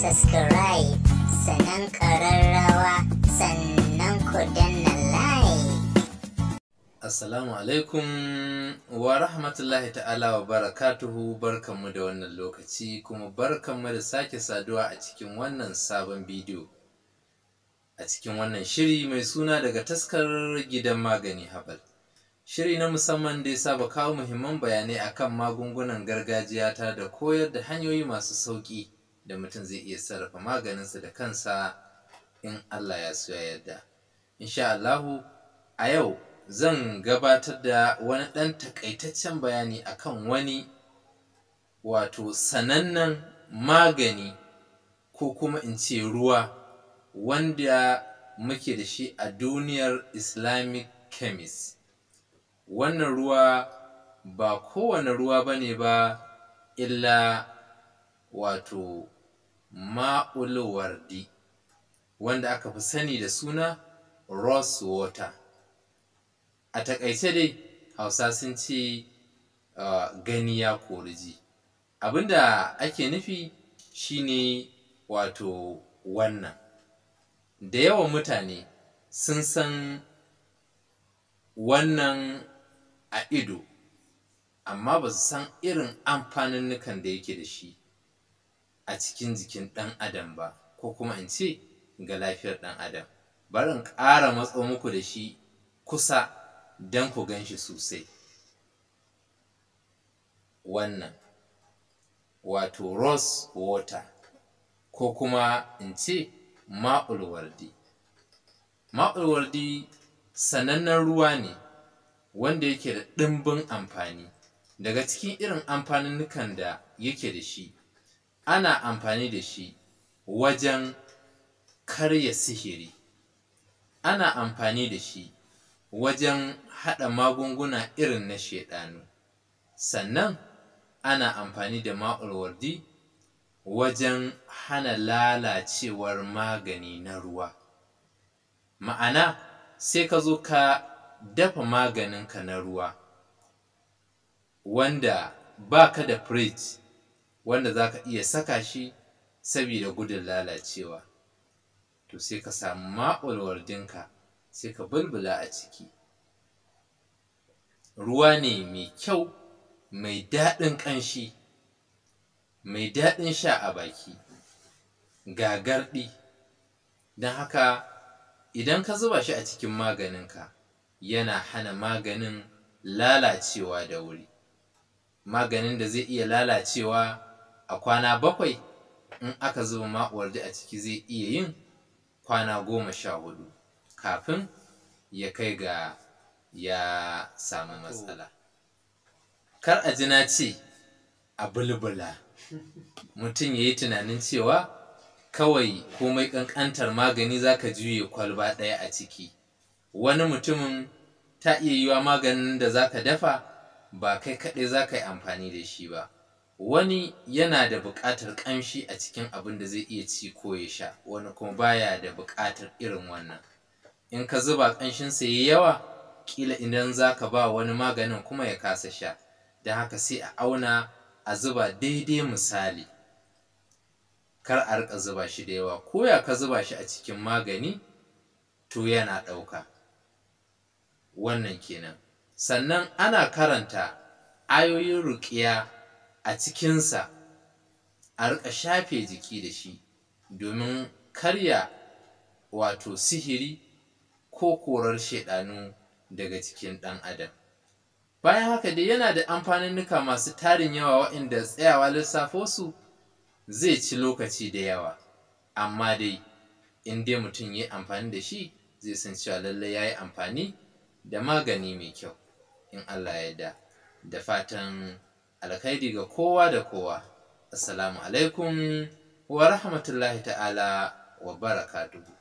subscribe sannan kararrawa sannan ku danna like. Assalamu alaikum wa rahmatullahi ta'ala wa barakatuhu barkanmu da wannan lokaci kuma barkanmu da sake saduwa a cikin wannan sabon bidiyo. A cikin wannan shiri mai suna daga taskar gidan magani Habal. Shiri na musamman da ya saba kawo muhimman bayanai akan magungunan gargajiya ta da koyar da hanyoyi masu sauƙi da mutum zai iya sarrafa maganinsa da kansa in Allah ya so ya yarda insha Allahu a yau zan gabatar da wani ɗan takaitaccen bayani akan wani wato sanannen magani ko kuma in ce ruwa wanda muke da shi a duniyar islamic chemist wannan ruwa ba kowane ruwa ba ne ba illa wato ma'ul wardi wanda aka fi sani da suna rose water a takaice dai hausa sun ce uh, gani ya koriji abinda ake nufi shine wato wannan da yawan mutane sun san wannan a ido amma ba su san irin amfanin da yake da shi a cikin jikin ɗan adam ba ko kuma in ce ga lafiyar ɗan adam barin ƙara matso muku da shi kusa don ku gan shi sosai wannan wato rose water ko kuma in ce ma'ulwardi ma'ulwardi sanannen ruwa ne wanda yake da ɗimbin amfani daga cikin irin amfanin da yake da shi ana amfani da shi wajen karya sihiri ana amfani da shi wajen haɗa magunguna irin na shaɗanu sannan ana amfani da ma'ulwardi wajen hana lalacewar magani na ruwa ma'ana sai ka zo ka dafa maganinka na ruwa wanda ba ka da fridge wanda za ka iya saka shi saboda gudun lalacewa to sai ka samu dinka sai ka bulbula a ciki ruwa ne mai kyau mai daɗin ƙanshi mai daɗin sha a baki ga garɗi don haka idan ka zuba shi a cikin maganinka yana hana maganin lalacewa da wuri maganin da zai iya lalacewa a kwana bakwai in aka zuba ma'uwarji a ciki zai iya yin kwana goma sha hudu kafin ya kai ga ya samu matsala kar a jina ce a bulbula mutum ya yi tunanin cewa kawai komai ƙanƙantar magani za ka juye kwalba ɗaya a ciki wani mutumin ta iya yiwa maganin da za ka dafa ba kai kaɗai za ka yi amfani da shi ba wani yana da buƙatar ƙamshi a cikin abin da zai iya ci ko ya sha wani kuma baya da buƙatar irin wannan in ka zuba ƙanshinsa yayi yawa kila idan za ka ba wani maganin kuma ya kasa sha dan haka sai a auna a zuba daidai misali kar a riƙa zuba shi da yawa ko ya ka zuba shi a cikin magani to yana ɗauka wannan kenan sannan ana karanta ayoyin ruƙiya a cikinsa a riƙa shafe jiki da shi domin karya wato sihiri ko korar shaidanu daga cikin ɗan adam bayan haka dai yana da amfaninnuka masu tarin yawa waɗanda tsayawa lissafo su zai ci lokaci da yawa amma dai in dai mutum ya amfani da shi zai san cewa lallai ya yi amfani da magani mai kyau in allah ya da da fatan alkhairi ga kowa da kowa assalamu alaikum wa rahmatullahi ta'ala wa barakatuhu